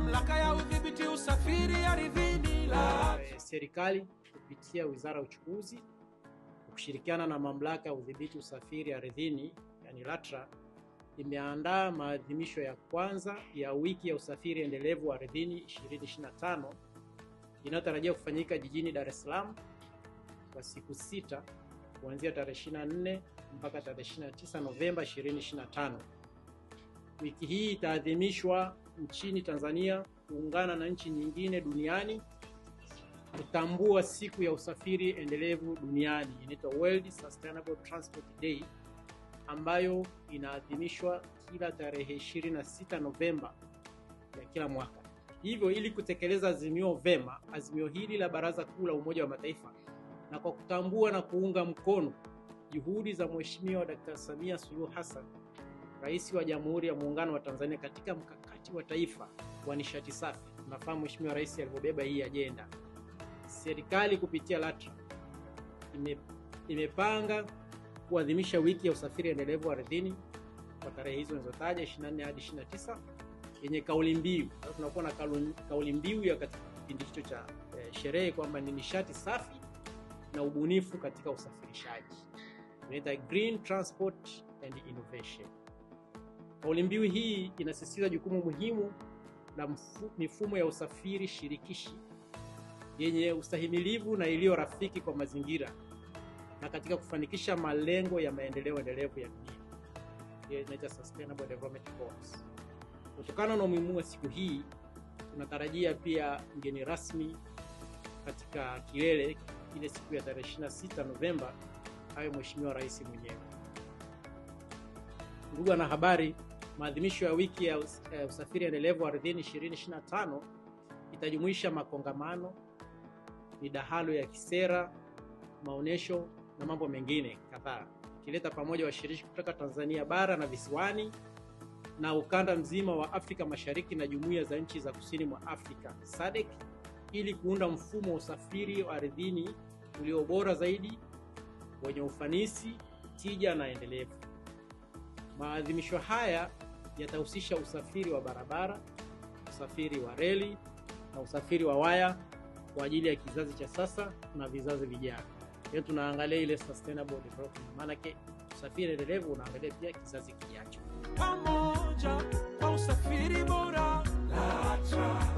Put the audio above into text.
mamlaka ya udhibiti usafiri ardhini la eh, serikali kupitia Wizara ya Uchukuzi kushirikiana na mamlaka ya udhibiti usafiri ardhini yani LATRA imeandaa maadhimisho ya kwanza ya wiki ya usafiri endelevu ardhini 2025 inayotarajiwa kufanyika jijini Dar es Salaam kwa siku sita kuanzia tarehe 24 mpaka tarehe 29 Novemba 2025. Wiki hii itaadhimishwa nchini Tanzania kuungana na nchi nyingine duniani kutambua siku ya usafiri endelevu duniani, inaitwa World Sustainable Transport Day, ambayo inaadhimishwa kila tarehe 26 Novemba ya kila mwaka. Hivyo, ili kutekeleza azimio vema, azimio hili la Baraza Kuu la Umoja wa Mataifa na kwa kutambua na kuunga mkono juhudi za Mheshimiwa Dkt. Samia Suluhu Hassan Rais wa Jamhuri ya Muungano wa Tanzania katika mkakati wa taifa wa nishati safi. Tunafahamu Mheshimiwa Rais alivyobeba hii ajenda. Serikali kupitia LATRA ime, imepanga kuadhimisha wiki ya usafiri endelevu ardhini kwa tarehe hizo nilizotaja 24 hadi 29 yenye kauli mbiu. Sasa tunakuwa na kauli mbiu ya katika kipindi hicho cha eh, sherehe kwamba ni nishati safi na ubunifu katika usafirishaji. Tunaita green transport and innovation. Kauli mbiu hii inasisitiza jukumu muhimu la mifumo ya usafiri shirikishi yenye ustahimilivu na iliyo rafiki kwa mazingira na katika kufanikisha malengo ya maendeleo endelevu ya dunia, inaitwa Sustainable Development Goals. Kutokana na umuhimu wa siku hii, tunatarajia pia mgeni rasmi katika kilele ile siku ya tarehe 26 Novemba awe Mheshimiwa Rais mwenyewe. Ndugu wanahabari, Maadhimisho ya wiki ya eh, usafiri endelevu ardhini 2025 itajumuisha makongamano, midahalo ya kisera, maonyesho na mambo mengine kadhaa, ikileta pamoja washiriki kutoka Tanzania bara na visiwani na ukanda mzima wa Afrika Mashariki na jumuiya za nchi za kusini mwa Afrika SADC ili kuunda mfumo wa usafiri wa ardhini ulio bora zaidi wenye ufanisi, tija na endelevu. Maadhimisho haya yatahusisha usafiri wa barabara, usafiri wa reli na usafiri wa waya kwa ajili ya kizazi cha sasa na vizazi vijavyo. Hiyo tunaangalia ile sustainable development, maana usafiri endelevu unaangalia pia kizazi kijacho. Pamoja kwa usafiri bora LATRA.